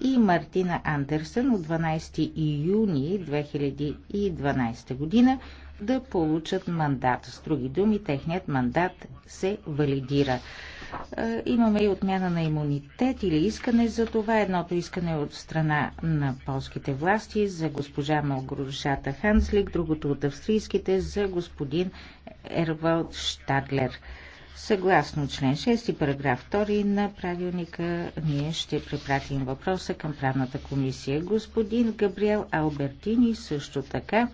и Мартина Андерсен от 12 июни 2012 година да получат мандат. С други думи, техният мандат се валидира. Е, имаме и отмяна на имунитет или искане за това. Едното искане е от страна на полските власти за госпожа Малгорушата Ханслик, другото от австрийските за господин Ервалд Штадлер. Съгласно член 6 параграф 2 на правилника, ние ще препратим въпроса към правната комисия. Господин Габриел Албертини също така